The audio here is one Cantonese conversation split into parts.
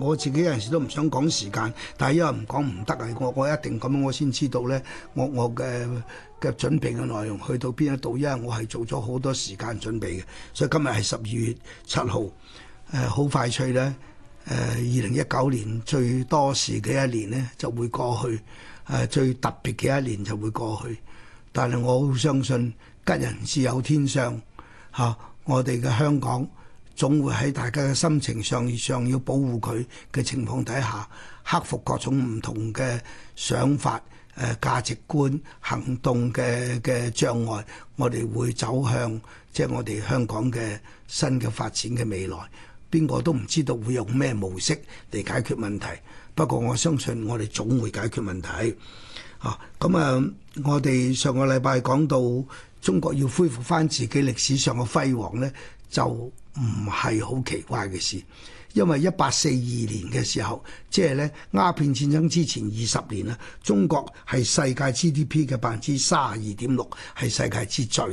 我自己有時都唔想講時間，但係因為唔講唔得啊！我我一定咁樣，我先知道呢，我我嘅嘅準備嘅內容去到邊一度，因為我係做咗好多時間準備嘅，所以今日係十二月七號，誒、呃、好快脆呢，誒二零一九年最多事嘅一年呢就會過去，誒、呃、最特別嘅一年就會過去。但係我好相信吉人自有天相嚇、啊，我哋嘅香港。總會喺大家嘅心情上，上要保護佢嘅情況底下，克服各種唔同嘅想法、誒、呃、價值觀、行動嘅嘅障礙，我哋會走向即係我哋香港嘅新嘅發展嘅未來。邊個都唔知道會用咩模式嚟解決問題，不過我相信我哋總會解決問題。啊，咁啊，我哋上個禮拜講到中國要恢復返自己歷史上嘅輝煌呢，就。唔係好奇怪嘅事，因為一八四二年嘅時候，即係咧，鴉片戰爭之前二十年啦，中國係世界 GDP 嘅百分之三十二點六係世界之最。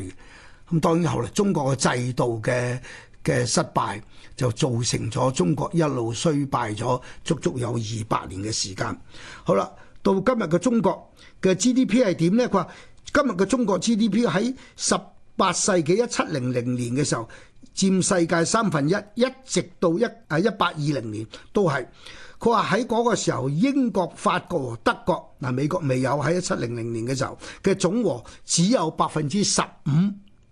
咁當然後嚟中國嘅制度嘅嘅失敗，就造成咗中國一路衰敗咗，足足有二百年嘅時間。好啦，到今日嘅中國嘅 GDP 係點咧？佢話今日嘅中國 GDP 喺十八世紀一七零零年嘅時候。佔世界三分一，一直到一啊一八二零年都係。佢話喺嗰個時候，英國、法國和德國，嗱，美國未有喺一七零零年嘅時候嘅總和，只有百分之十五，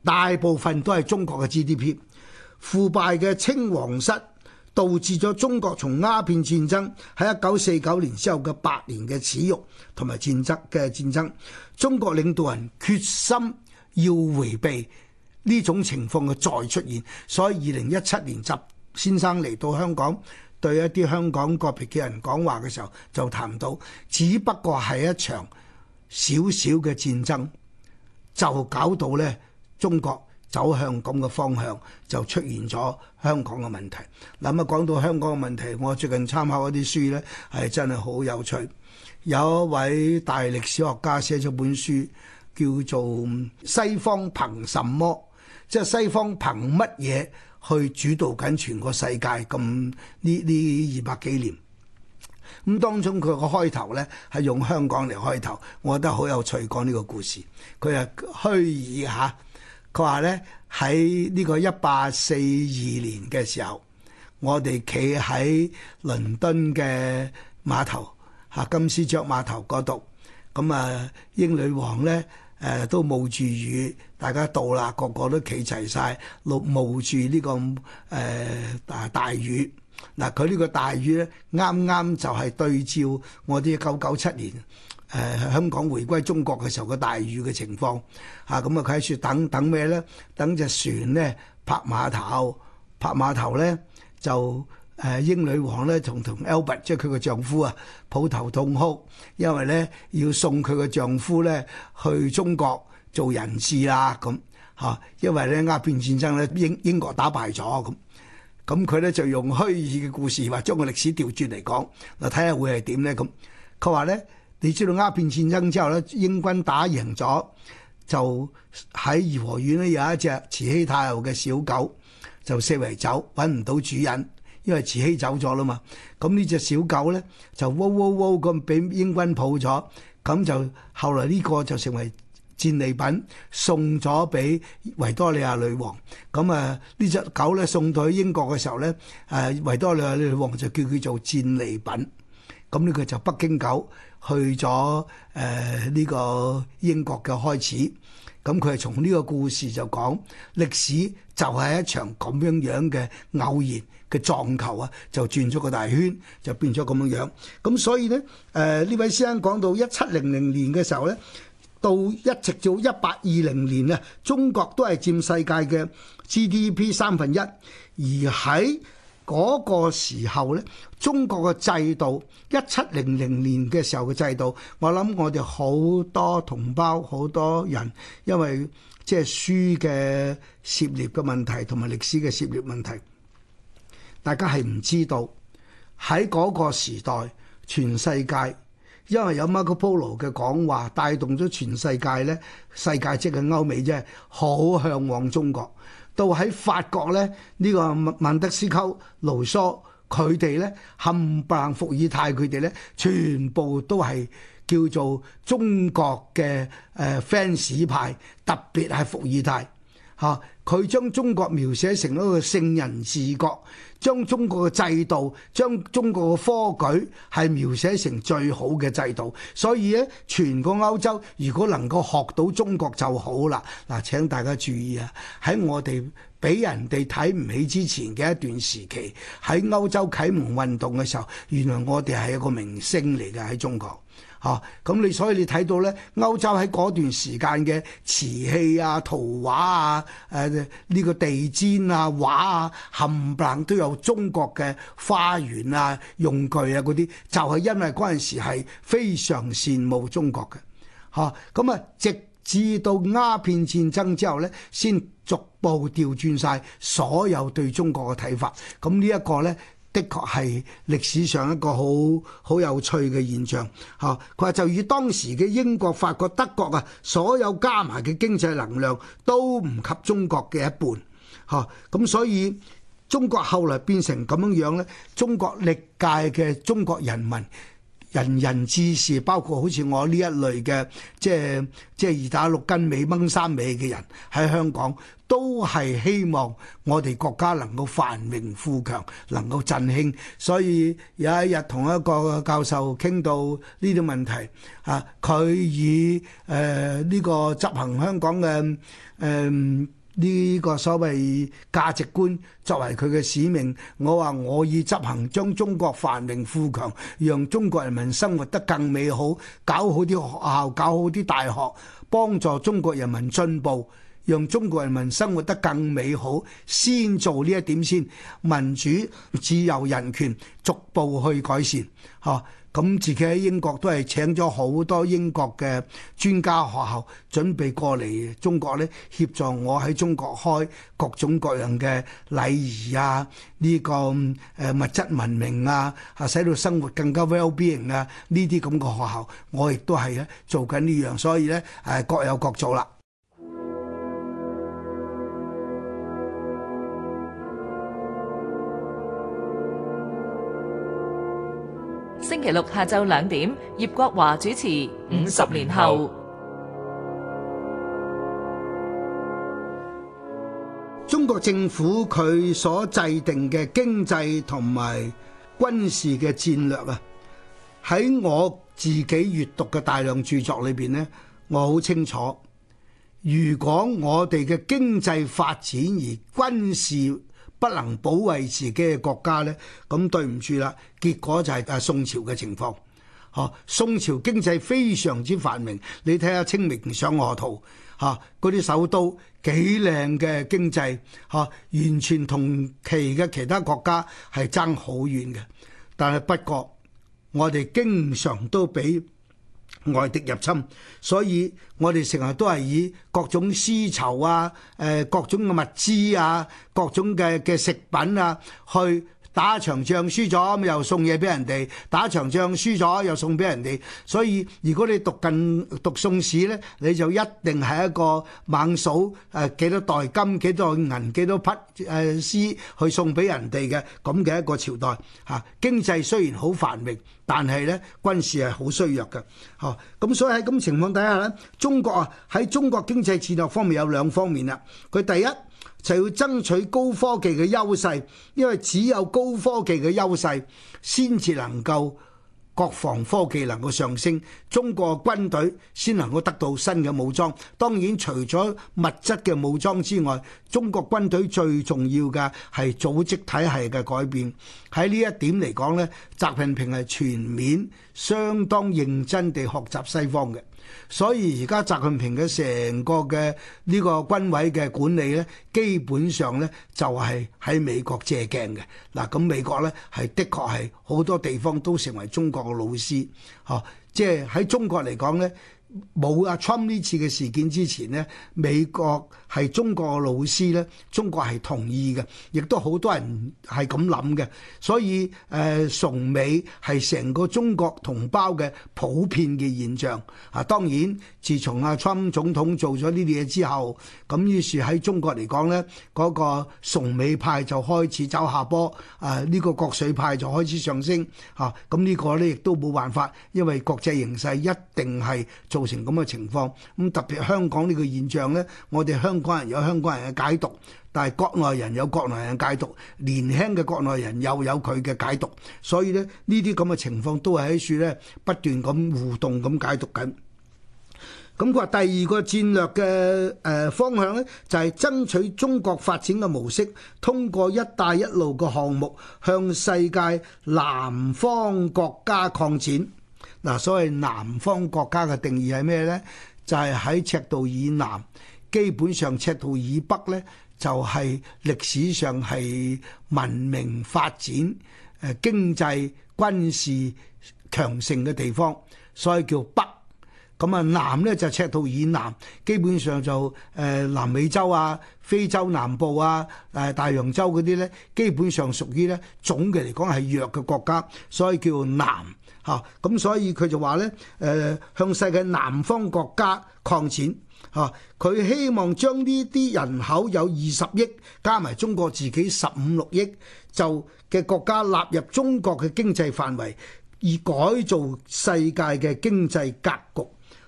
大部分都係中國嘅 GDP。腐敗嘅清皇室導致咗中國從鴉片戰爭喺一九四九年之後嘅八年嘅恥辱同埋戰爭嘅戰爭。中國領導人決心要迴避。呢種情況嘅再出現，所以二零一七年習先生嚟到香港，對一啲香港個別嘅人講話嘅時候，就談到，只不過係一場小小嘅戰爭，就搞到呢中國走向咁嘅方向，就出現咗香港嘅問題。嗱咁啊，講到香港嘅問題，我最近參考一啲書呢，係真係好有趣。有一位大歷史學家寫咗本書，叫做《西方憑什麼》。即係西方憑乜嘢去主導緊全個世界咁、嗯、呢？呢二百幾年咁當中佢個開頭咧係用香港嚟開頭，我覺得好有趣講呢個故事。佢係虛擬吓，佢話咧喺呢個一八四二年嘅時候，我哋企喺倫敦嘅碼頭吓、啊、金絲雀碼頭嗰度，咁、嗯、啊英女王咧誒、呃、都冒住雨。大家到啦，個個都企齊晒，落冒住呢個誒大、呃、大雨。嗱，佢呢個大雨咧，啱啱就係對照我哋一九九七年誒、呃、香港回歸中國嘅時候嘅大雨嘅情況。嚇，咁啊，佢喺度等等咩咧？等隻船咧泊碼頭，泊碼頭咧就誒、呃、英女王咧同同 Albert 即係佢嘅丈夫啊，抱頭痛哭，因為咧要送佢嘅丈夫咧去中國。做人質啦，咁吓，因為咧，鴉片戰爭咧，英英國打敗咗咁，咁佢咧就用虛擬嘅故事話將個歷史調轉嚟講，嗱，睇下會係點咧？咁佢話咧，你知道鴉片戰爭之後咧，英軍打贏咗，就喺頤和園咧有一隻慈禧太后嘅小狗，就四圍走，揾唔到主人，因為慈禧走咗啦嘛。咁呢隻小狗咧就喔喔喔咁俾英軍抱咗，咁就後來呢個就成為，戰利品送咗俾維多利亞女王，咁啊呢隻狗咧送到去英國嘅時候咧，誒維多利亞女王就叫佢做戰利品，咁呢個就北京狗去咗誒呢個英國嘅開始，咁佢係從呢個故事就講歷史就係一場咁樣樣嘅偶然嘅撞球啊，就轉咗個大圈，就變咗咁樣樣，咁所以咧誒呢位先生講到一七零零年嘅時候咧。到一直到一八二零年呢，中國都係佔世界嘅 GDP 三分一，而喺嗰個時候呢，中國嘅制度，一七零零年嘅時候嘅制度，我諗我哋好多同胞好多人，因為即係書嘅涉獵嘅問題同埋歷史嘅涉獵問題，大家係唔知道喺嗰個時代全世界。因為有 Marco Polo 嘅講話，帶動咗全世界呢，世界即係歐美即啫，好向往中國。到喺法國咧，呢、呢個孟德斯鳩、盧梭，佢哋呢冚唪唥，伏爾泰佢哋呢全部都係叫做中國嘅誒 fans 派，特別係伏爾泰嚇。啊。佢將中國描寫成一個聖人治國，將中國嘅制度、將中國嘅科舉係描寫成最好嘅制度，所以咧，全個歐洲如果能夠學到中國就好啦。嗱，請大家注意啊！喺我哋俾人哋睇唔起之前嘅一段時期，喺歐洲啟蒙運動嘅時候，原來我哋係一個明星嚟嘅喺中國。啊！咁、哦、你所以你睇到呢，歐洲喺嗰段時間嘅瓷器啊、圖畫啊、誒、呃、呢、這個地氈啊、畫啊、冚唪唥都有中國嘅花園啊、用具啊嗰啲，就係、是、因為嗰陣時係非常羨慕中國嘅。嚇、哦！咁、嗯、啊，直至到鴉片戰爭之後呢，先逐步調轉晒所有對中國嘅睇法。咁呢一個呢。的確係歷史上一個好好有趣嘅現象，嚇！佢話就以當時嘅英國、法國、德國啊，所有加埋嘅經濟能量都唔及中國嘅一半，嚇！咁所以中國後來變成咁樣樣咧，中國歷屆嘅中國人民。人人志士，包括好似我呢一類嘅，即係即係二打六斤尾掹三尾嘅人，喺香港都係希望我哋國家能夠繁榮富強，能夠振興。所以有一日同一個教授傾到呢啲問題，啊，佢以誒呢、呃這個執行香港嘅誒。呃呢個所謂價值觀作為佢嘅使命，我話我以執行將中國繁榮富強，讓中國人民生活得更美好，搞好啲學校，搞好啲大學，幫助中國人民進步，讓中國人民生活得更美好。先做呢一點先，民主、自由、人權逐步去改善，嚇。咁自己喺英國都係請咗好多英國嘅專家學校，準備過嚟中國咧，協助我喺中國開各種各樣嘅禮儀啊，呢個誒物質文明啊，嚇使到生活更加 well being 啊，呢啲咁嘅學校我亦都係咧做緊呢樣，所以呢誒各有各做啦。星期六下晝兩點，葉國華主持《五十年後》後。 中國政府佢所制定嘅經濟同埋軍事嘅戰略啊，喺我自己閱讀嘅大量著作裏邊咧，我好清楚。如果我哋嘅經濟發展而軍事不能保衞自己嘅國家呢，咁對唔住啦。結果就係啊宋朝嘅情況，嚇宋朝經濟非常之繁榮，你睇下清明上河圖，嚇嗰啲首都幾靚嘅經濟，嚇完全同期嘅其他國家係爭好遠嘅，但係不過我哋經常都俾，外敵入侵，所以我哋成日都係以各種絲綢啊、誒各種嘅物資啊、各種嘅嘅食品啊去。打場仗輸咗，咁又送嘢俾人哋；打場仗輸咗，又送俾人哋。所以如果你讀近讀宋史咧，你就一定係一個猛數誒幾多袋金、幾多銀、幾多匹誒絲去送俾人哋嘅咁嘅一個朝代嚇。經濟雖然好繁榮，但係咧軍事係好衰弱嘅。哦，咁所以喺咁情況底下咧，中國啊喺中國經濟戰略方面有兩方面啦。佢第一。就要爭取高科技嘅優勢，因為只有高科技嘅優勢，先至能夠國防科技能夠上升，中國軍隊先能夠得到新嘅武裝。當然，除咗物質嘅武裝之外，中國軍隊最重要嘅係組織體系嘅改變。喺呢一點嚟講呢，習近平係全面、相當認真地學習西方嘅。所以而家習近平嘅成個嘅呢個軍委嘅管理呢，基本上呢就係、是、喺美國借鏡嘅。嗱、啊，咁美國呢係的確係好多地方都成為中國嘅老師，嚇、啊。即係喺中國嚟講呢，冇阿 Trump 呢次嘅事件之前呢，美國。係中國老師呢，中國係同意嘅，亦都好多人係咁諗嘅，所以誒、呃、崇美係成個中國同胞嘅普遍嘅現象。啊，當然自從阿、啊、Trump 總統做咗呢啲嘢之後，咁於是喺中國嚟講呢，嗰、那個崇美派就開始走下坡，啊呢、這個國粹派就開始上升。嚇、啊，咁呢個呢，亦都冇辦法，因為國際形勢一定係造成咁嘅情況。咁特別香港呢個現象呢，我哋香港香港人有香港人嘅解讀，但係國內人有國內人嘅解讀，年輕嘅國內人又有佢嘅解讀，所以呢呢啲咁嘅情況都係喺處呢不斷咁互動，咁解讀緊。咁佢話第二個戰略嘅誒方向呢，就係爭取中國發展嘅模式，通過一帶一路個項目向世界南方國家擴展。嗱，所謂南方國家嘅定義係咩呢？就係喺赤道以南。基本上赤道以北呢，就係歷史上係文明發展、誒經濟、軍事強盛嘅地方，所以叫北。咁啊南呢就赤道以南，基本上就誒南美洲啊、非洲南部啊、誒大洋洲嗰啲呢，基本上屬於呢總嘅嚟講係弱嘅國家，所以叫南。嚇，咁所以佢就話呢，誒向世界南方國家擴展。嚇！佢希望將呢啲人口有二十億，加埋中國自己十五六億就嘅國家納入中國嘅經濟範圍，以改造世界嘅經濟格局。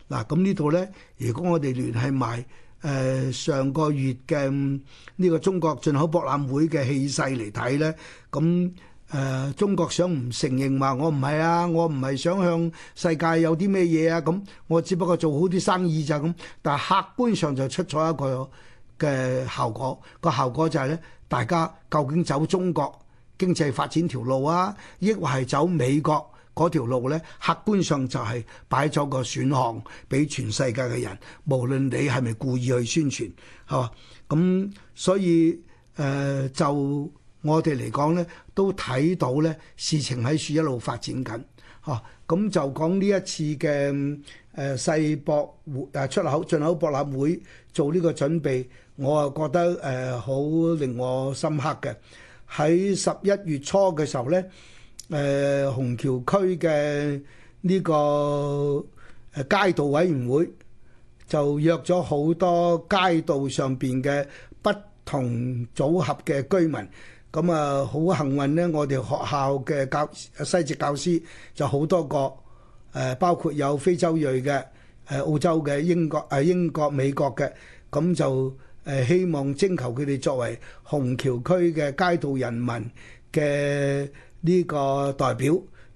嗱，咁呢度咧，如果我哋聯繫埋誒上個月嘅呢個中國進口博覽會嘅氣勢嚟睇咧，咁。誒、呃、中國想唔承認話我唔係啊，我唔係想向世界有啲咩嘢啊，咁我只不過做好啲生意咋。咁。但係客觀上就出咗一個嘅效果，個效果就係呢：大家究竟走中國經濟發展條路啊，抑或係走美國嗰條路呢？客觀上就係擺咗個選項俾全世界嘅人，無論你係咪故意去宣傳，係嘛？咁所以誒、呃、就。我哋嚟講咧，都睇到咧事情喺處一路發展緊，嚇、啊、咁就講呢一次嘅誒世博會誒出口進口博覽會做呢個準備，我啊覺得誒好、呃、令我深刻嘅。喺十一月初嘅時候咧，誒虹橋區嘅呢個誒街道委員會就約咗好多街道上邊嘅不同組合嘅居民。咁啊，好幸運咧！我哋學校嘅教西籍教師就好多個，誒包括有非洲裔嘅、誒澳洲嘅、英國、誒英國、美國嘅，咁就誒希望徵求佢哋作為虹橋區嘅街道人民嘅呢個代表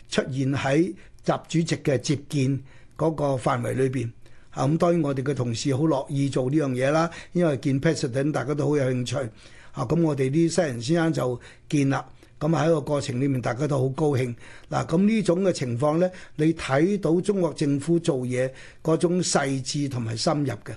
出現喺習主席嘅接見嗰個範圍裏邊。咁當然我哋嘅同事好樂意做呢樣嘢啦，因為見 President 大家都好有興趣。啊！咁我哋啲西人先生就見啦，咁喺個過程裏面大家都好高興。嗱，咁呢種嘅情況呢，你睇到中國政府做嘢嗰種細緻同埋深入嘅，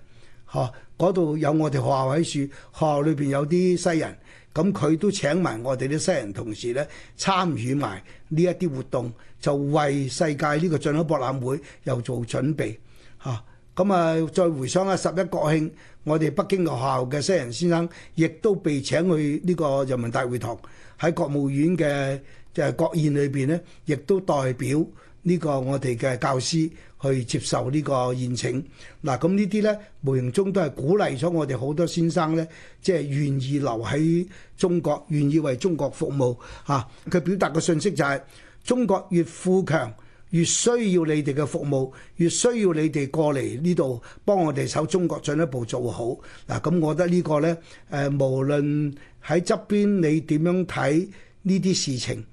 嚇嗰度有我哋學校喺處，學校裏邊有啲西人，咁佢都請埋我哋啲西人同事呢參與埋呢一啲活動，就為世界呢個進口博覽會又做準備，嚇。咁啊，再回想下，十一國慶，我哋北京嘅學校嘅西人先生，亦都被請去呢個人民大會堂，喺國務院嘅就係國宴裏邊咧，亦都代表呢個我哋嘅教師去接受呢個宴請。嗱，咁呢啲咧，無形中都係鼓勵咗我哋好多先生咧，即係願意留喺中國，願意為中國服務。嚇，佢表達嘅信息就係中國越富強，越需要你哋嘅服務，越需要你哋過嚟呢度幫我哋守中國進一步做好。嗱、啊，咁我覺得呢個呢，誒、呃、無論喺側邊你點樣睇呢啲事情，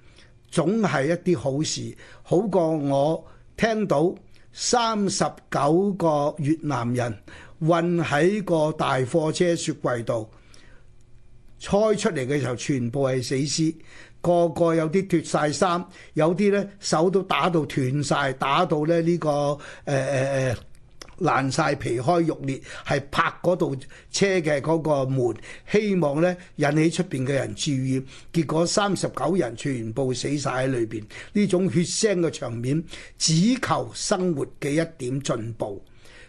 總係一啲好事，好過我聽到三十九個越南人運喺個大貨車雪櫃度，猜出嚟嘅時候全部係死屍。個個有啲脱晒衫，有啲呢手都打到斷晒，打到咧、這、呢個誒誒誒爛晒皮開肉裂，係拍嗰度車嘅嗰個門，希望呢引起出邊嘅人注意。結果三十九人全部死晒喺裏邊，呢種血腥嘅場面，只求生活嘅一點進步。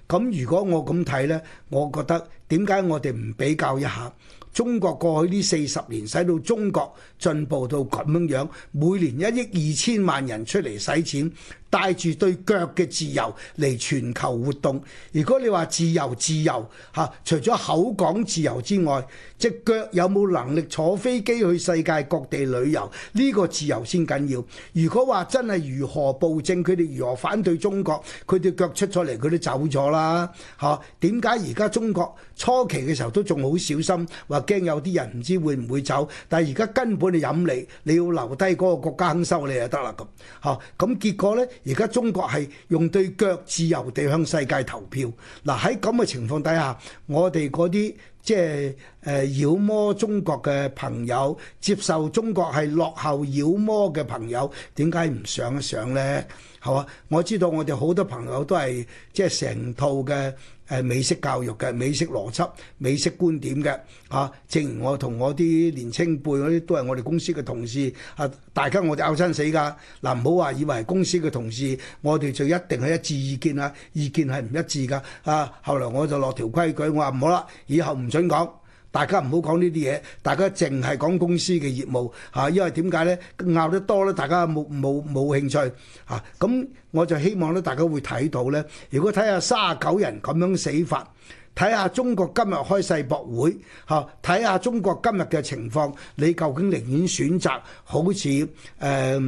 咁如果我咁睇呢，我覺得點解我哋唔比較一下？中國過去呢四十年使到中國進步到咁樣，每年一億二千萬人出嚟使錢，帶住對腳嘅自由嚟全球活動。如果你話自由自由嚇、啊，除咗口講自由之外，隻腳有冇能力坐飛機去世界各地旅遊？呢個自由先緊要。如果話真係如何暴政，佢哋如何反對中國，佢哋腳出咗嚟，佢都走咗啦。嚇、啊，點解而家中國初期嘅時候都仲好小心？驚有啲人唔知會唔會走，但係而家根本就飲你，你要留低，嗰個國家肯收你就得啦咁。嚇、啊、咁、嗯、結果呢，而家中國係用對腳自由地向世界投票。嗱，喺咁嘅情況底下，我哋嗰啲即係誒妖魔中國嘅朋友，接受中國係落後妖魔嘅朋友，點解唔想一想呢？係、啊、嘛？我知道我哋好多朋友都係即係成套嘅。係美式教育嘅，美式邏輯、美式觀點嘅啊！正如我同我啲年青輩嗰啲都係我哋公司嘅同事啊，大家我就拗親死㗎嗱，唔好話以為公司嘅同事我哋就一定係一致意見啊，意見係唔一致㗎啊！後嚟我就落條規矩，我話唔好啦，以後唔准講。大家唔好講呢啲嘢，大家淨係講公司嘅業務嚇，因為點解呢？拗得多呢，大家冇冇冇興趣嚇。咁、啊、我就希望咧，大家會睇到呢：如果睇下三十九人咁樣死法，睇下中國今日開世博會嚇，睇、啊、下中國今日嘅情況，你究竟寧願選擇好似誒？呃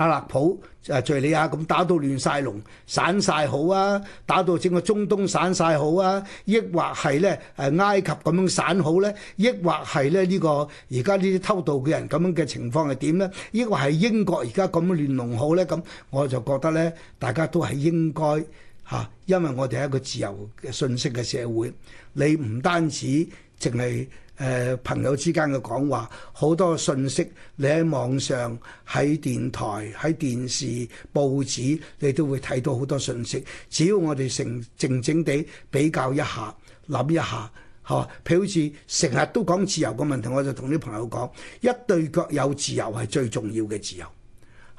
阿勒普、阿、啊、敍利亞咁打到亂晒龍，散晒好啊！打到整個中東散晒好啊！抑或係咧，誒埃及咁樣散好咧？抑或係咧呢個而家呢啲偷渡嘅人咁樣嘅情況係點咧？抑或係英國而家咁樣亂龍好咧？咁我就覺得咧，大家都係應該嚇、啊，因為我哋係一個自由嘅信息嘅社會，你唔單止淨係，誒朋友之間嘅講話，好多信息你喺網上、喺電台、喺電視、報紙，你都會睇到好多信息。只要我哋靜靜地比較一下、諗一下，嚇，譬如好似成日都講自由嘅問題，我就同啲朋友講，一對腳有自由係最重要嘅自由。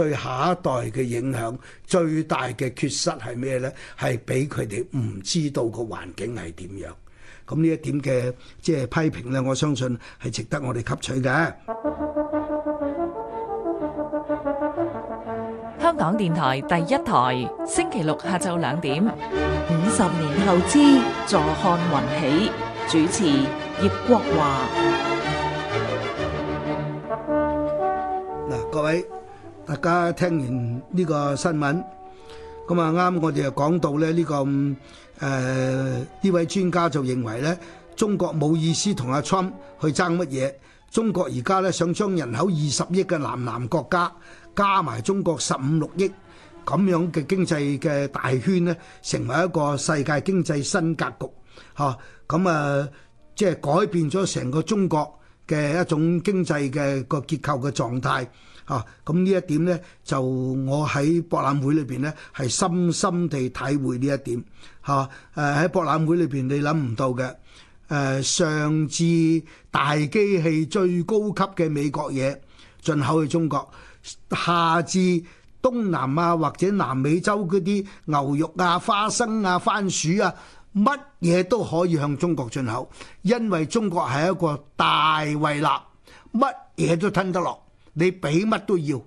對下一代嘅影響最大嘅缺失係咩呢？係俾佢哋唔知道個環境係點樣。咁呢一點嘅即係批評呢，我相信係值得我哋吸取嘅。香港電台第一台，星期六下晝兩點，五十年後之坐看雲起，主持葉國華。嗱，各位。大家聽完呢個新聞，咁啊，啱啱我哋又講到咧，呢個誒呢位專家就認為咧，中國冇意思同阿川去爭乜嘢。中國而家咧想將人口二十億嘅南南國家加埋中國十五六億咁樣嘅經濟嘅大圈咧，成為一個世界經濟新格局嚇。咁啊，即係改變咗成個中國嘅一種經濟嘅個結構嘅狀態。啊！咁呢一點咧，就我喺博覽會裏邊咧，係深深地體會呢一點嚇。誒喺博覽會裏邊，你諗唔到嘅誒，上至大機器最高級嘅美國嘢進口去中國，下至東南亞或者南美洲嗰啲牛肉啊、花生啊、番薯啊，乜嘢都可以向中國進口，因為中國係一個大胃納，乜嘢都吞得落。你俾乜都要，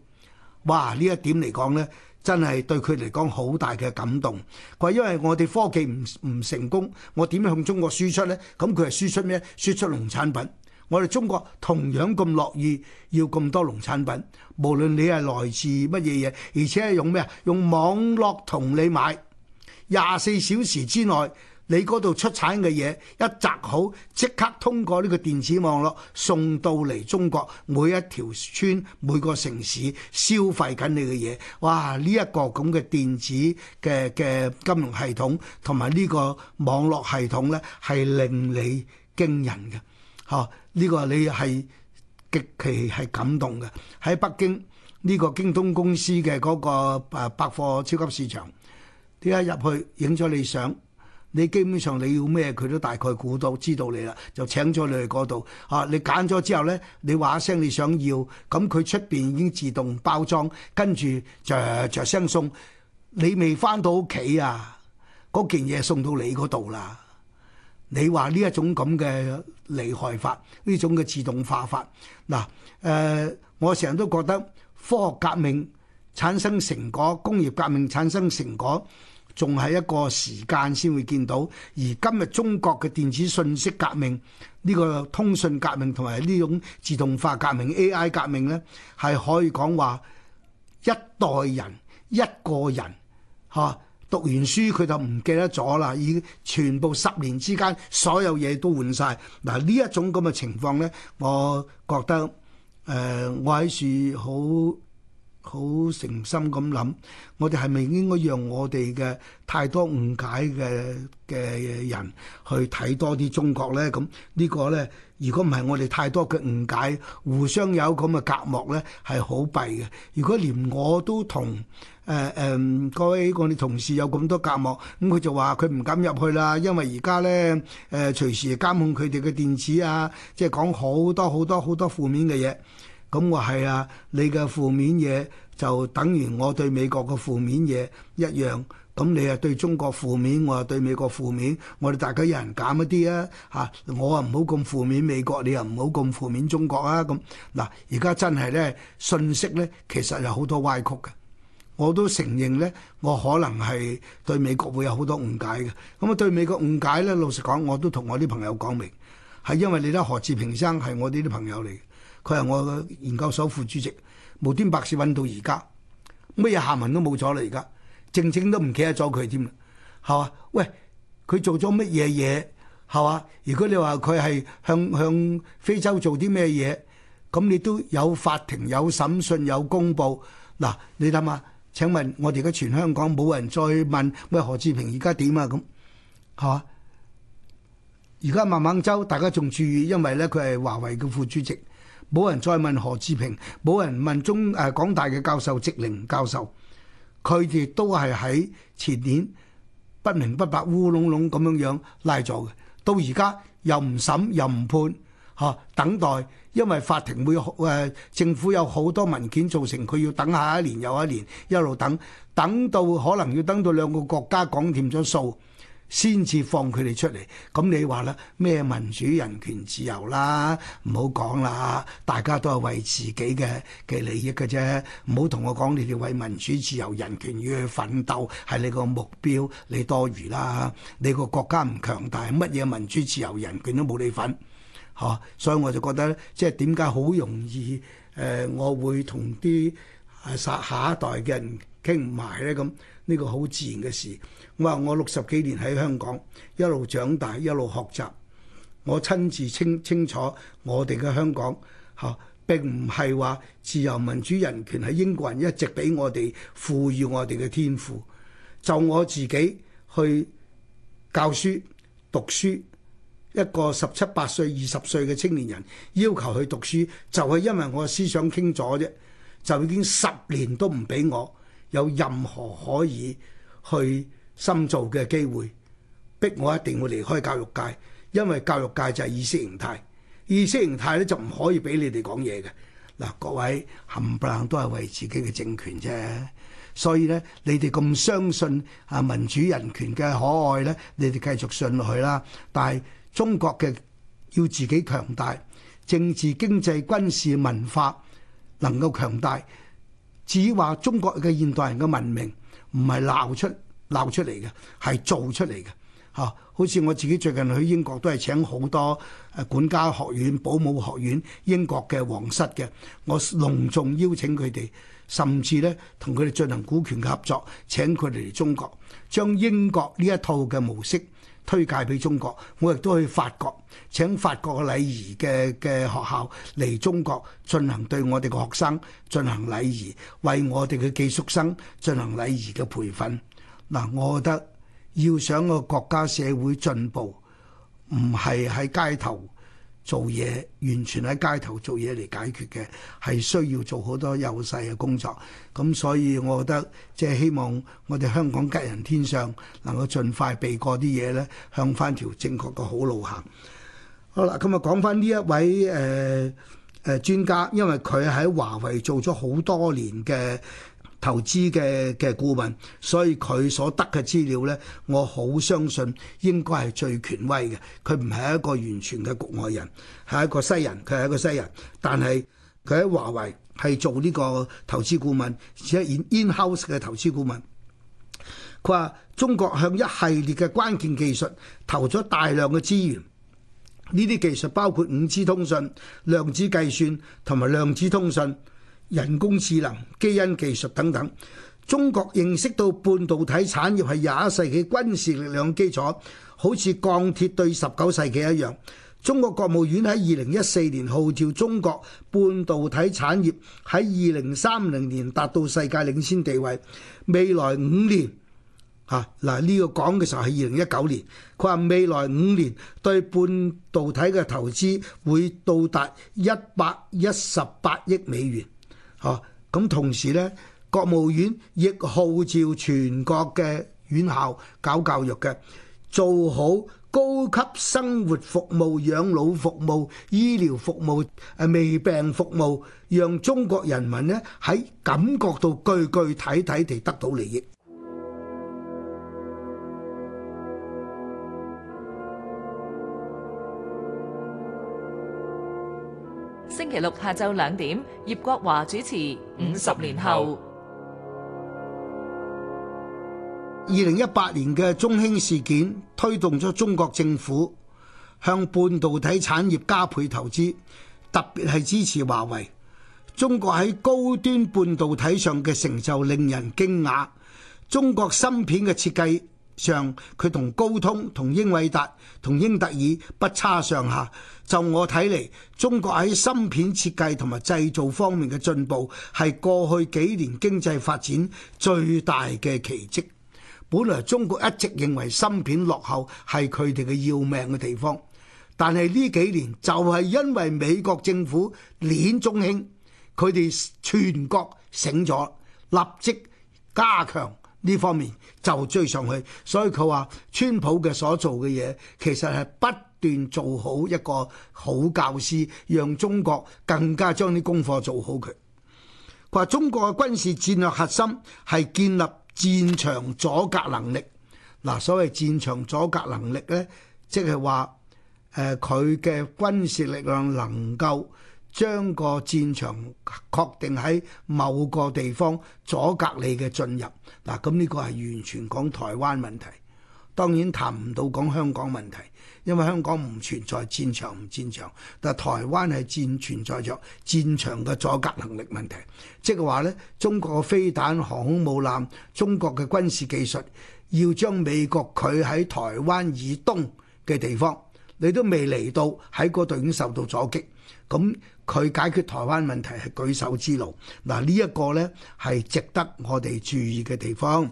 哇！呢一點嚟講呢，真係對佢嚟講好大嘅感動。佢話因為我哋科技唔唔成功，我點樣向中國輸出呢？咁佢係輸出咩？輸出農產品。我哋中國同樣咁樂意要咁多農產品，無論你係來自乜嘢嘢，而且係用咩啊？用網絡同你買，廿四小時之內。你嗰度出產嘅嘢一摘好，即刻通過呢個電子網絡送到嚟中國每一條村，每個城市消費緊你嘅嘢。哇！呢一個咁嘅電子嘅嘅金融系統同埋呢個網絡系統呢，係令你驚人嘅。嗬！呢個你係極其係感動嘅。喺北京呢個京東公司嘅嗰個誒百貨超級市場，點解入去影咗你相？你基本上你要咩，佢都大概估到知道你啦，就請咗你去嗰度。啊，你揀咗之後呢，你話聲你想要，咁佢出邊已經自動包裝，跟住著着聲送。你未翻到屋企啊？嗰件嘢送到你嗰度啦。你話呢一種咁嘅厲害法，呢種嘅自動化法，嗱，誒、呃，我成日都覺得科學革命產生成果，工業革命產生成果。仲係一個時間先會見到，而今日中國嘅電子信息革命呢，呢個通訊革命同埋呢種自動化革命 AI 革命咧，係可以講話一代人一個人吓，啊、讀完書佢就唔記得咗啦，已經全部十年之間所有嘢都換晒，嗱，啊、呢一種咁嘅情況咧，我覺得誒、呃、我喺算好。好誠心咁諗，我哋係咪應該讓我哋嘅太多誤解嘅嘅人去睇多啲中國咧？咁呢個咧，如果唔係我哋太多嘅誤解，互相有咁嘅隔膜咧，係好弊嘅。如果連我都同誒誒各位啲同事有咁多隔膜，咁佢就話佢唔敢入去啦，因為而家咧誒隨時監控佢哋嘅電子啊，即係講好多好多好多好多負面嘅嘢。咁我係啊，你嘅負面嘢就等於我對美國嘅負面嘢一樣。咁你啊對中國負面，我啊對美國負面。我哋大家有人減一啲啊，嚇！我啊唔好咁負面美國，你又唔好咁負面中國啊。咁嗱，而家真係咧，信息咧其實有好多歪曲嘅。我都承認咧，我可能係對美國會有好多誤解嘅。咁啊對美國誤解咧，老實講我都同我啲朋友講明，係因為你咧何志平生係我啲啲朋友嚟。佢係我嘅研究所副主席，無端白事揾到而家，乜嘢下文都冇咗啦。而家正正都唔記得咗佢添啦，係嘛？喂，佢做咗乜嘢嘢？係嘛？如果你話佢係向向非洲做啲咩嘢，咁你都有法庭有審訊有公佈嗱。你諗下，請問我哋而家全香港冇人再問喂何志平而家點啊？咁係嘛？而家孟孟舟大家仲注意，因為咧佢係華為嘅副主席。冇人再問何志平，冇人問中誒港大嘅教授、植寧教授，佢哋都係喺前年不明不白、烏龍龍咁樣樣拉咗嘅，到而家又唔審又唔判，嚇等待，因為法庭會誒政府有好多文件造成佢要等下一年又一年，一路等，等到可能要等到兩個國家講掂咗數。先至放佢哋出嚟，咁你話啦，咩民主、人權、自由啦？唔好講啦，大家都係為自己嘅嘅利益嘅啫，唔好同我講你哋為民主、自由、人權要去奮鬥，係你個目標，你多餘啦，你個國家唔強大，乜嘢民主、自由、人權都冇你份，呵、啊，所以我就覺得咧，即係點解好容易誒、呃？我會同啲誒殺下一代嘅人。傾唔埋咧，咁呢個好自然嘅事。我話我六十幾年喺香港一路長大，一路學習，我親自清清楚我哋嘅香港嚇、啊、並唔係話自由民主人權係英國人一直俾我哋賦予我哋嘅天賦。就我自己去教書讀書，一個十七八歲、二十歲嘅青年人要求佢讀書，就係、是、因為我嘅思想傾咗啫，就已經十年都唔俾我。有任何可以去深造嘅機會，逼我一定會離開教育界，因為教育界就係意識形態，意識形態咧就唔可以俾你哋講嘢嘅。嗱，各位冚唪唥都係為自己嘅政權啫，所以咧你哋咁相信啊民主人權嘅可愛咧，你哋繼續信落去啦。但係中國嘅要自己強大，政治、經濟、軍事、文化能夠強大。至於話中國嘅現代人嘅文明唔係鬧出鬧出嚟嘅，係做出嚟嘅。嚇，好似我自己最近去英國都係請好多誒管家學院、保姆學院、英國嘅皇室嘅，我隆重邀請佢哋，甚至咧同佢哋進行股權嘅合作，請佢哋嚟中國，將英國呢一套嘅模式。推介俾中國，我亦都去法國請法國嘅禮儀嘅嘅學校嚟中國進行對我哋嘅學生進行禮儀，為我哋嘅寄宿生進行禮儀嘅培訓。嗱，我覺得要想個國家社會進步，唔係喺街頭做嘢完全喺街頭做嘢嚟解決嘅，係需要做好多幼細嘅工作。咁所以我覺得，即係希望我哋香港吉人天相，能夠盡快避過啲嘢呢，向翻條正確嘅好路行。好啦，咁啊講翻呢一位誒誒呃專家，因為佢喺華為做咗好多年嘅投資嘅嘅顧問，所以佢所得嘅資料呢，我好相信應該係最權威嘅。佢唔係一個完全嘅局外人，係一個西人，佢係一個西人。但係佢喺華為係做呢個投資顧問，而且 in-house 嘅投資顧問。佢話中國向一系列嘅關鍵技術投咗大量嘅資源，呢啲技術包括五 G 通訊、量子計算同埋量子通訊。人工智能、基因技術等等，中國認識到半導體產業係廿一世紀軍事力量基礎，好似鋼鐵對十九世紀一樣。中國國務院喺二零一四年號召中國半導體產業喺二零三零年達到世界領先地位。未來五年，啊，嗱呢個講嘅時候係二零一九年，佢話未來五年對半導體嘅投資會到達一百一十八億美元。啊！咁同時咧，國務院亦號召全國嘅院校搞教育嘅，做好高級生活服務、養老服務、醫療服務、誒未病服務，讓中國人民咧喺感覺到具具體體地得到利益。星期六下晝兩點，葉國華主持《五十年後》。二零一八年嘅中興事件，推動咗中國政府向半導體產業加倍投資，特別係支持華為。中國喺高端半導體上嘅成就令人驚訝。中國芯片嘅設計。上佢同高通、同英偉達、同英特爾不差上下。就我睇嚟，中國喺芯片設計同埋製造方面嘅進步，係過去幾年經濟發展最大嘅奇蹟。本來中國一直認為芯片落後係佢哋嘅要命嘅地方，但係呢幾年就係因為美國政府碾中興，佢哋全國醒咗，立即加強。呢方面就追上去，所以佢話川普嘅所做嘅嘢其實，係不斷做好一個好教師，讓中國更加將啲功課做好佢。佢話中國嘅軍事戰略核心係建立戰場阻隔能力。嗱，所謂戰場阻隔能力咧，即係話，誒佢嘅軍事力量能夠。將個戰場確定喺某個地方阻隔你嘅進入。嗱，咁呢個係完全講台灣問題，當然談唔到講香港問題，因為香港唔存在戰場唔戰場，但台灣係戰存在著戰場嘅阻隔能力問題，即係話呢，中國嘅飛彈、航空母艦、中國嘅軍事技術，要將美國佢喺台灣以東嘅地方，你都未嚟到喺嗰度已經受到阻擊，咁。佢解決台灣問題係舉手之勞，嗱，呢一個呢係值得我哋注意嘅地方。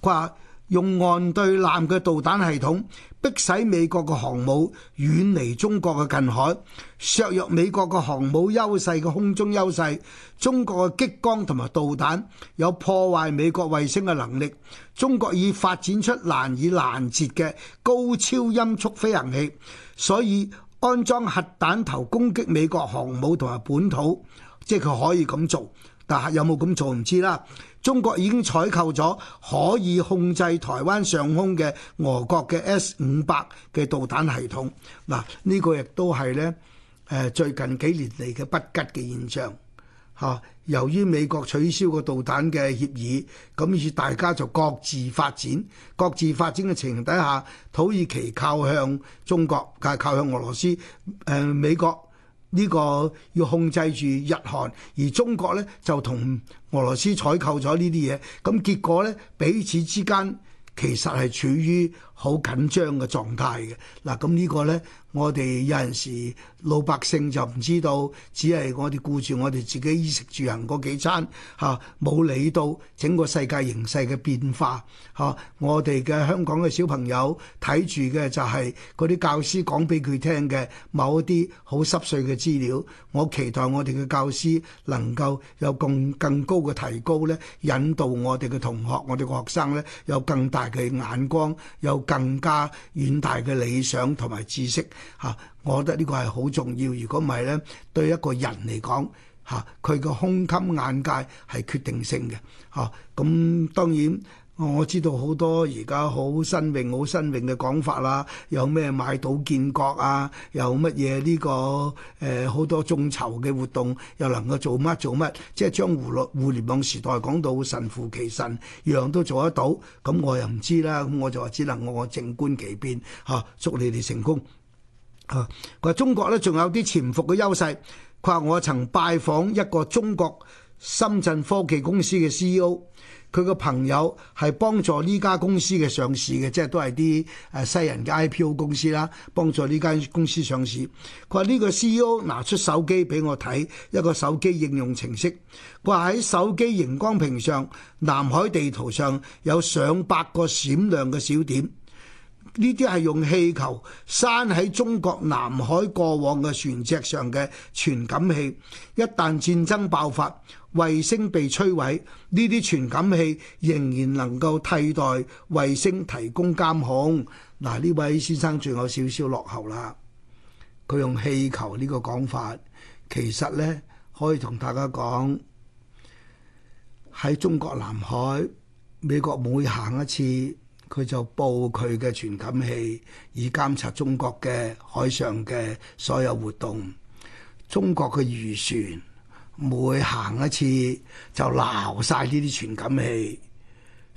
佢話用岸對艦嘅導彈系統，逼使美國嘅航母遠離中國嘅近海，削弱美國嘅航母優勢嘅空中優勢。中國嘅激光同埋導彈有破壞美國衛星嘅能力。中國已發展出難以攔截嘅高超音速飛行器，所以，安裝核彈頭攻擊美國航母同埋本土，即係佢可以咁做，但係有冇咁做唔知啦。中國已經採購咗可以控制台灣上空嘅俄國嘅 S 五百嘅導彈系統，嗱、這、呢個亦都係呢誒，最近幾年嚟，嘅不吉嘅現象吓。由於美國取消個導彈嘅協議，咁於是大家就各自發展，各自發展嘅情形底下，土耳其靠向中國，靠向俄羅斯。誒、呃，美國呢個要控制住日韓，而中國呢就同俄羅斯採購咗呢啲嘢，咁結果呢，彼此之間其實係處於好緊張嘅狀態嘅。嗱，咁呢個呢。我哋有陣時老百姓就唔知道，只係我哋顧住我哋自己衣食住行嗰幾餐吓啊，冇理到整個世界形勢嘅變化吓、啊，我哋嘅香港嘅小朋友睇住嘅就係啲教師講俾佢聽嘅某一啲好濕碎嘅資料。我期待我哋嘅教師能夠有更更高嘅提高咧，引導我哋嘅同學，我哋嘅學生咧，有更大嘅眼光，有更加遠大嘅理想同埋知識。嚇，我覺得呢個係好重要。如果唔係咧，對一個人嚟講，嚇佢個胸襟眼界係決定性嘅。嚇、啊，咁、嗯、當然我知道好多而家好新穎、好新穎嘅講法啦。有咩買到建國啊？有乜嘢呢個誒好、呃、多眾籌嘅活動又能夠做乜做乜？即係將互聯互聯網時代講到神乎其神，樣樣都做得到。咁、嗯、我又唔知啦。咁我就只能我靜觀其變。嚇、啊，祝你哋成功！啊！佢話中國咧仲有啲潛伏嘅優勢。佢話我曾拜訪一個中國深圳科技公司嘅 CEO，佢個朋友係幫助呢家公司嘅上市嘅，即係都係啲誒西人嘅 IPO 公司啦，幫助呢間公司上市。佢話，呢個 CEO 拿出手機俾我睇一個手機應用程式，佢話喺手機螢光屏上，南海地圖上有上百個閃亮嘅小點。呢啲係用氣球拴喺中國南海過往嘅船隻上嘅傳感器，一旦戰爭爆發，衛星被摧毀，呢啲傳感器仍然能夠替代衛星提供監控。嗱、啊，呢位先生仲有少少落後啦，佢用氣球呢個講法，其實呢，可以同大家講喺中國南海，美國每行一次。佢就佈佢嘅傳感器，以監察中國嘅海上嘅所有活動。中國嘅漁船每行一次就撈晒呢啲傳感器，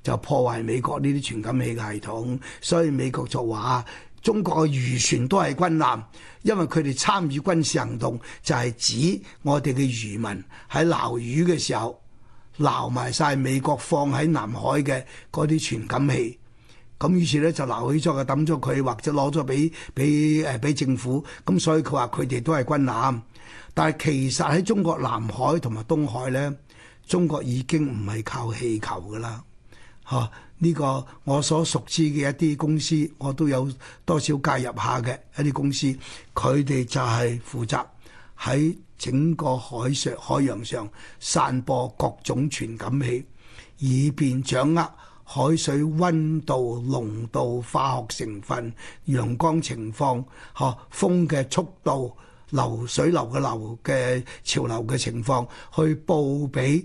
就破壞美國呢啲傳感器嘅系統。所以美國就話中國嘅漁船都係軍艦，因為佢哋參與軍事行動，就係、是、指我哋嘅漁民喺撈魚嘅時候撈埋晒美國放喺南海嘅嗰啲傳感器。咁於是咧就留起咗，抌咗佢，或者攞咗俾俾誒俾政府。咁所以佢話佢哋都係軍艦，但係其實喺中國南海同埋東海咧，中國已經唔係靠氣球噶啦。嚇、啊，呢個我所熟知嘅一啲公司，我都有多少介入下嘅一啲公司，佢哋就係負責喺整個海上海洋上散播各種傳感器，以便掌握。海水溫度、濃度、化學成分、陽光情況吓風嘅速度、流水流嘅流嘅潮流嘅情況去報俾。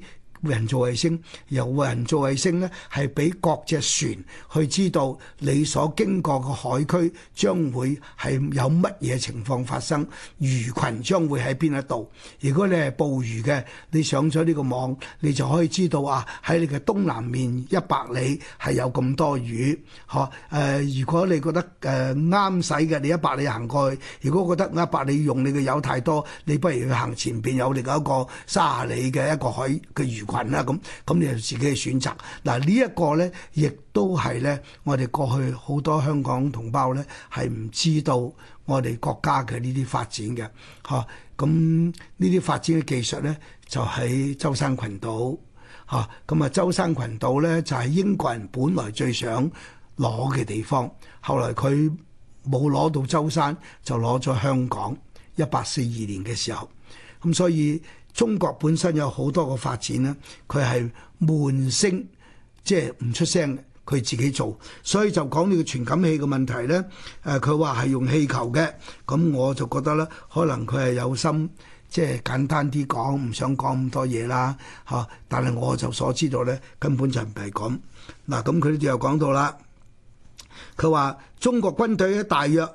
人造衛星，有人造衛星呢係俾各隻船去知道你所經過嘅海區將會係有乜嘢情況發生，魚群將會喺邊一度。如果你係捕魚嘅，你上咗呢個網，你就可以知道啊，喺你嘅東南面一百里係有咁多魚。呵，誒、呃，如果你覺得誒啱使嘅，你一百里行過去；如果覺得一百里用你嘅油太多，你不如去行前邊有另一個卅里嘅一個海嘅魚羣啦，咁咁你就自己去選擇。嗱，這個、呢一個咧，亦都係咧，我哋過去好多香港同胞咧，係唔知道我哋國家嘅呢啲發展嘅，嚇、啊。咁呢啲發展嘅技術咧，就喺舟山群島，嚇。咁啊，舟山群島咧就係、是、英國人本來最想攞嘅地方，後來佢冇攞到舟山，就攞咗香港。一八四二年嘅時候。咁所以中國本身有好多個發展咧，佢係悶聲即係唔出聲，佢自己做。所以就講呢個傳感器嘅問題呢，誒佢話係用氣球嘅，咁我就覺得呢，可能佢係有心，即係簡單啲講，唔想講咁多嘢啦。嚇、啊！但係我就所知道呢，根本就唔係咁。嗱、啊，咁佢哋又講到啦，佢話中國軍隊咧大約。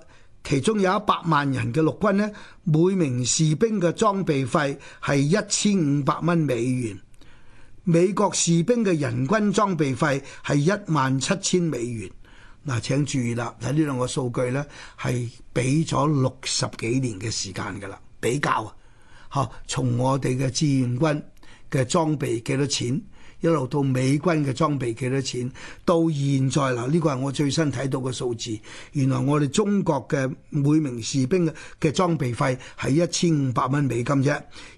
其中有一百萬人嘅陸軍呢，每名士兵嘅裝備費係一千五百蚊美元。美國士兵嘅人均裝備費係一萬七千美元。嗱、啊，請注意啦，睇呢兩個數據呢，係俾咗六十幾年嘅時間噶啦，比較啊，嚇，從我哋嘅志願軍嘅裝備幾多錢？一路到美軍嘅裝備幾多錢？到現在啦，呢個係我最新睇到嘅數字。原來我哋中國嘅每名士兵嘅裝備費係一千五百蚊美金啫，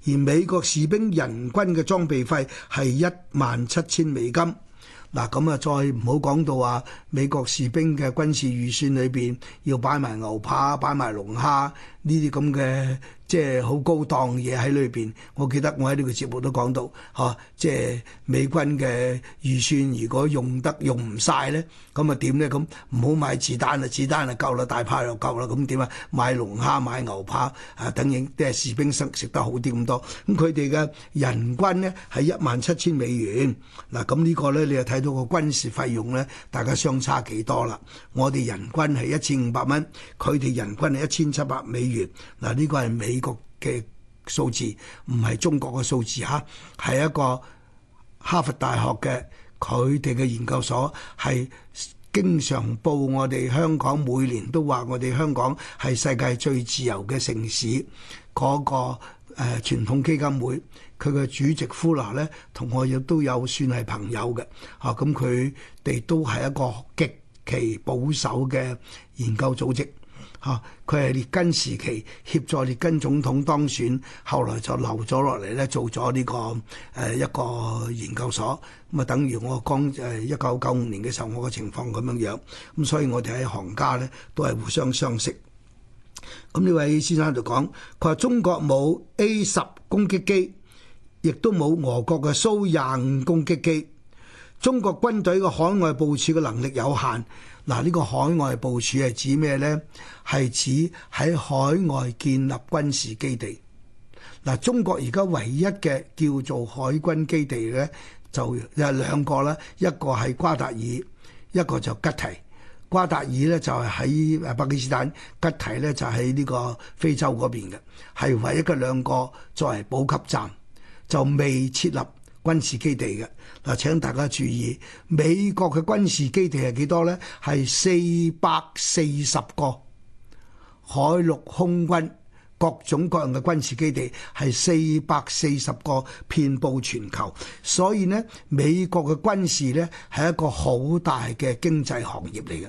而美國士兵人均嘅裝備費係一萬七千美金。嗱，咁啊，再唔好講到話美國士兵嘅軍事預算裏邊要擺埋牛扒、擺埋龍蝦呢啲咁嘅。這即係好高檔嘢喺裏邊，我記得我喺呢個節目都講到，嚇、啊，即係美軍嘅預算，如果用得用唔晒咧，咁啊點咧？咁唔好買子彈啦，子彈啊夠啦，大炮又夠啦，咁點啊？買龍蝦買牛扒啊等影，啲士兵食食得好啲咁多。咁佢哋嘅人均咧係一萬七千美元，嗱、啊、咁呢個咧你又睇到個軍事費用咧，大家相差幾多啦？我哋人均係一千五百蚊，佢哋人均係一千七百美元，嗱、啊、呢、這個係美國嘅數字唔係中國嘅數字吓，係一個哈佛大學嘅佢哋嘅研究所係經常報我哋香港，每年都話我哋香港係世界最自由嘅城市。嗰個，誒，傳統基金會佢嘅主席呼拿咧，同我亦都有算係朋友嘅。吓咁佢哋都係一個極其保守嘅研究組織。嚇！佢係列根時期協助列根總統當選，後來就留咗落嚟咧，做咗呢個誒一個研究所。咁啊，等於我剛誒一九九五年嘅時候，我嘅情況咁樣樣。咁所以我哋喺行家咧都係互相相識。咁呢位先生就講：佢話中國冇 A-10 攻擊機，亦都冇俄國嘅蘇廿五攻擊機。中國軍隊嘅海外部署嘅能力有限。嗱，呢個海外部署係指咩咧？係指喺海外建立軍事基地。嗱，中國而家唯一嘅叫做海軍基地咧，就有兩個啦，一個係瓜達爾，一個就吉提。瓜達爾咧就係喺巴基斯坦，吉提咧就喺呢個非洲嗰邊嘅，係唯一嘅兩個作為補給站，就未設立軍事基地嘅。嗱，請大家注意，美國嘅軍事基地係幾多呢？係四百四十個，海陸空軍各種各樣嘅軍事基地係四百四十個，遍佈全球。所以呢，美國嘅軍事呢，係一個好大嘅經濟行業嚟嘅。